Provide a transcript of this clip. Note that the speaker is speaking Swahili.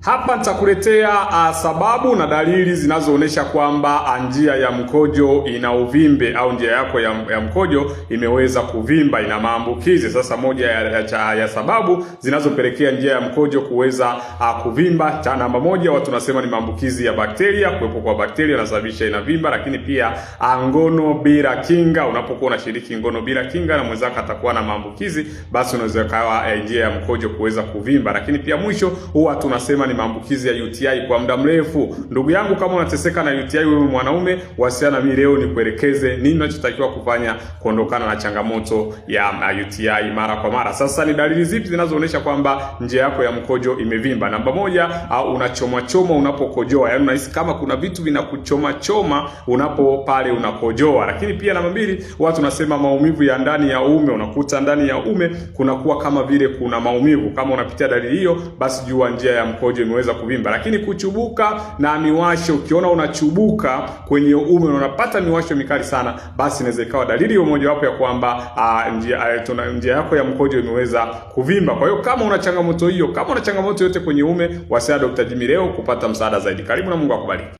Hapa nitakuletea ah, sababu na dalili zinazoonyesha kwamba ah, njia ya mkojo ina uvimbe au njia yako ya, ya mkojo imeweza kuvimba, ina maambukizi. Sasa moja ya, ya, ya sababu zinazopelekea njia ya mkojo kuweza ah, kuvimba, cha namba moja, watu nasema ni maambukizi ya bakteria. Kuwepo kwa bakteria nasababisha inavimba, lakini pia ngono bila kinga. Unapokuwa unashiriki ngono bila kinga na mwenzako atakuwa na maambukizi, basi unaweza kawa eh, njia ya mkojo kuweza kuvimba. Lakini pia mwisho huwa tunasema ni maambukizi ya UTI kwa muda mrefu. Ndugu yangu, kama unateseka na UTI, wewe mwanaume, wasiana mimi leo nikuelekeze nini unachotakiwa kufanya kuondokana na changamoto ya UTI mara kwa mara. Sasa ni dalili zipi zinazoonyesha kwamba njia yako ya mkojo imevimba? Namba moja, au unachoma choma unapokojoa, yaani unahisi kama kuna vitu vinakuchoma choma unapo pale unakojoa. Lakini pia namba mbili, watu nasema maumivu ya ndani ya uume, unakuta ndani ya uume kunakuwa kama vile kuna maumivu. Kama unapitia dalili hiyo, basi jua njia ya mkojo ndio imeweza kuvimba. Lakini kuchubuka na miwasho, ukiona unachubuka kwenye uume na unapata miwasho mikali sana, basi inaweza ikawa dalili mojawapo ya kwamba ah, eh, njia yako ya mkojo imeweza kuvimba. Kwa hiyo kama una changamoto hiyo, kama una changamoto yote kwenye uume, wasiliana na Dr. Jimmy leo kupata msaada zaidi. Karibu na Mungu akubariki.